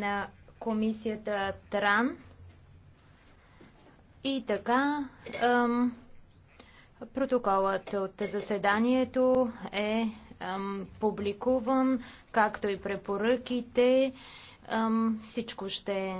на комисията Тран. И така, ам, протоколът от заседанието е ам, публикуван, както и препоръките. Ам, всичко ще